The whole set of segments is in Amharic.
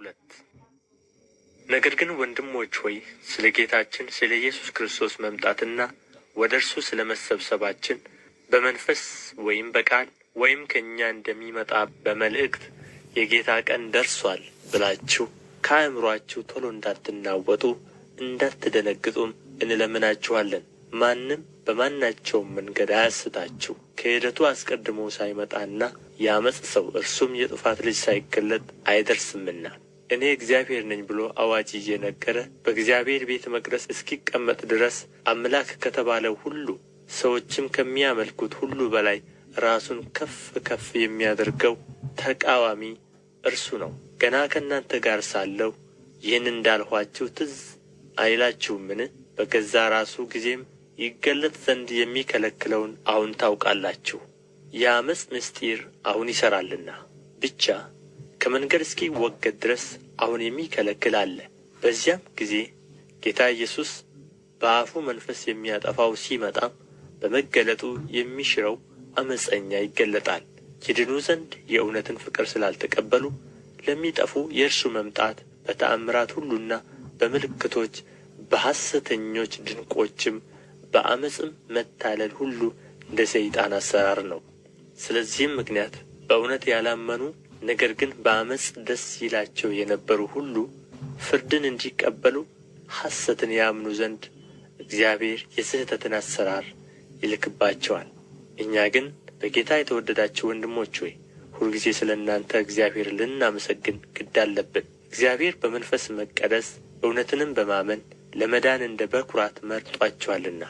ሁለት ነገር ግን ወንድሞች ሆይ ስለ ጌታችን ስለ ኢየሱስ ክርስቶስ መምጣትና ወደ እርሱ ስለ መሰብሰባችን በመንፈስ ወይም በቃል ወይም ከእኛ እንደሚመጣ በመልእክት የጌታ ቀን ደርሷል ብላችሁ ከአእምሮአችሁ ቶሎ እንዳትናወጡ እንዳትደነግጡም እንለምናችኋለን። ማንም በማናቸውም መንገድ አያስታችሁ። ክህደቱ አስቀድሞ ሳይመጣና የዓመፅ ሰው እርሱም የጥፋት ልጅ ሳይገለጥ አይደርስምና እኔ እግዚአብሔር ነኝ ብሎ አዋጅ እየነገረ በእግዚአብሔር ቤተ መቅደስ እስኪቀመጥ ድረስ አምላክ ከተባለው ሁሉ ሰዎችም ከሚያመልኩት ሁሉ በላይ ራሱን ከፍ ከፍ የሚያደርገው ተቃዋሚ እርሱ ነው። ገና ከእናንተ ጋር ሳለሁ ይህን እንዳልኋችሁ ትዝ አይላችሁምን? በገዛ ራሱ ጊዜም ይገለጥ ዘንድ የሚከለክለውን አሁን ታውቃላችሁ። የአመፅ ምስጢር አሁን ይሠራልና ብቻ ከመንገድ እስኪወገድ ድረስ አሁን የሚከለክል አለ። በዚያም ጊዜ ጌታ ኢየሱስ በአፉ መንፈስ የሚያጠፋው ሲመጣም በመገለጡ የሚሽረው አመፀኛ ይገለጣል። ይድኑ ዘንድ የእውነትን ፍቅር ስላልተቀበሉ ለሚጠፉ የእርሱ መምጣት በተአምራት ሁሉና በምልክቶች በሐሰተኞች ድንቆችም በአመፅም መታለል ሁሉ እንደ ሰይጣን አሰራር ነው። ስለዚህም ምክንያት በእውነት ያላመኑ ነገር ግን በአመፅ ደስ ይላቸው የነበሩ ሁሉ ፍርድን እንዲቀበሉ ሐሰትን ያምኑ ዘንድ እግዚአብሔር የስህተትን አሰራር ይልክባቸዋል። እኛ ግን በጌታ የተወደዳችሁ ወንድሞች ሆይ ሁልጊዜ ስለ እናንተ እግዚአብሔር ልናመሰግን ግድ አለብን። እግዚአብሔር በመንፈስ መቀደስ እውነትንም በማመን ለመዳን እንደ በኩራት መርጧችኋልና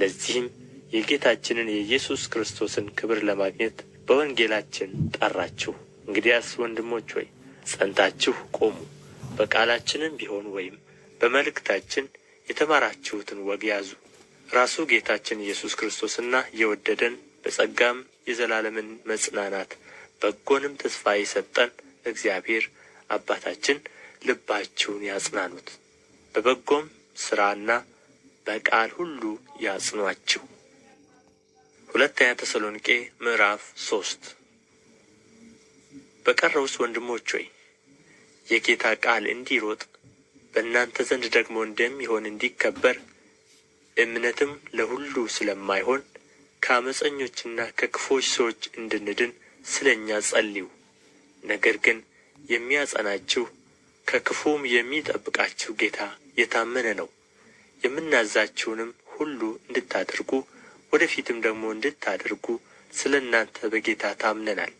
ለዚህም የጌታችንን የኢየሱስ ክርስቶስን ክብር ለማግኘት በወንጌላችን ጠራችሁ። እንግዲያስ ወንድሞች ሆይ ጸንታችሁ ቆሙ በቃላችንም ቢሆን ወይም በመልእክታችን የተማራችሁትን ወግ ያዙ። ራሱ ጌታችን ኢየሱስ ክርስቶስና የወደደን በጸጋም የዘላለምን መጽናናት በጎንም ተስፋ የሰጠን እግዚአብሔር አባታችን ልባችሁን ያጽናኑት፣ በበጎም ሥራና በቃል ሁሉ ያጽኗችሁ። ሁለተኛ ተሰሎንቄ ምዕራፍ ሶስት በቀረውስ ወንድሞች ሆይ የጌታ ቃል እንዲሮጥ በእናንተ ዘንድ ደግሞ እንደሚሆን እንዲከበር እምነትም ለሁሉ ስለማይሆን ከአመፀኞችና ከክፎች ሰዎች እንድንድን ስለ እኛ ጸልዩ። ነገር ግን የሚያጸናችሁ ከክፉም የሚጠብቃችሁ ጌታ የታመነ ነው። የምናዛችሁንም ሁሉ እንድታደርጉ ወደፊትም ደግሞ እንድታደርጉ ስለ እናንተ በጌታ ታምነናል።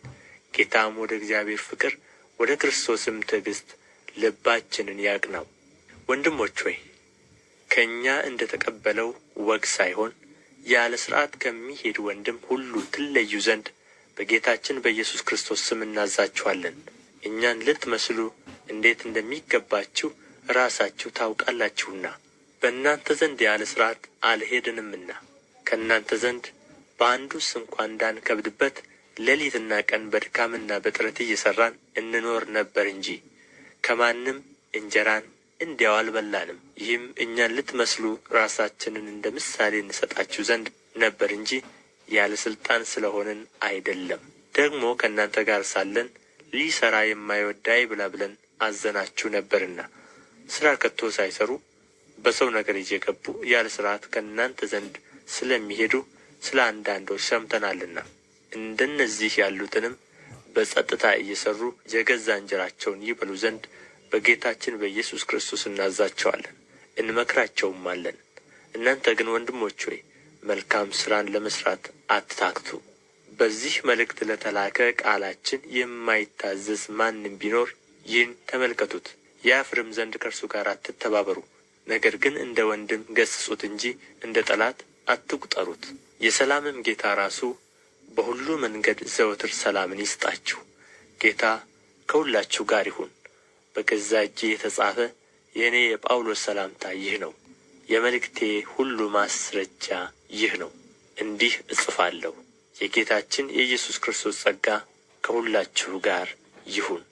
ጌታም ወደ እግዚአብሔር ፍቅር ወደ ክርስቶስም ትዕግሥት ልባችንን ያቅናው። ወንድሞች ሆይ ከእኛ እንደ ተቀበለው ወግ ሳይሆን ያለ ሥርዓት ከሚሄድ ወንድም ሁሉ ትለዩ ዘንድ በጌታችን በኢየሱስ ክርስቶስ ስም እናዛችኋለን። እኛን ልትመስሉ እንዴት እንደሚገባችሁ ራሳችሁ ታውቃላችሁና በእናንተ ዘንድ ያለ ሥርዓት አልሄድንምና ከእናንተ ዘንድ በአንዱ ስንኳ እንዳንከብድበት ሌሊትና ቀን በድካምና በጥረት እየሠራን እንኖር ነበር እንጂ ከማንም እንጀራን እንዲያው አልበላንም። ይህም እኛን ልትመስሉ ራሳችንን እንደ ምሳሌ እንሰጣችሁ ዘንድ ነበር እንጂ ያለ ሥልጣን ስለ ሆንን አይደለም። ደግሞ ከእናንተ ጋር ሳለን ሊሠራ የማይወድ አይብላ ብለን አዘናችሁ ነበርና ሥራ ከቶ ሳይሠሩ በሰው ነገር እየገቡ ያለ ሥርዓት ከእናንተ ዘንድ ስለሚሄዱ ስለ አንዳንዶች ሰምተናልና እንደነዚህ ያሉትንም በጸጥታ እየሰሩ የገዛ እንጀራቸውን ይበሉ ዘንድ በጌታችን በኢየሱስ ክርስቶስ እናዛቸዋለን እንመክራቸውማለን። እናንተ ግን ወንድሞች ሆይ መልካም ሥራን ለመሥራት አትታክቱ። በዚህ መልእክት ለተላከ ቃላችን የማይታዘዝ ማንም ቢኖር ይህን ተመልከቱት፣ ያፍርም ዘንድ ከእርሱ ጋር አትተባበሩ። ነገር ግን እንደ ወንድም ገስጹት እንጂ እንደ ጠላት አትቁጠሩት። የሰላምም ጌታ ራሱ በሁሉ መንገድ ዘወትር ሰላምን ይስጣችሁ። ጌታ ከሁላችሁ ጋር ይሁን። በገዛ እጄ የተጻፈ የእኔ የጳውሎስ ሰላምታ ይህ ነው። የመልእክቴ ሁሉ ማስረጃ ይህ ነው። እንዲህ እጽፋለሁ። የጌታችን የኢየሱስ ክርስቶስ ጸጋ ከሁላችሁ ጋር ይሁን።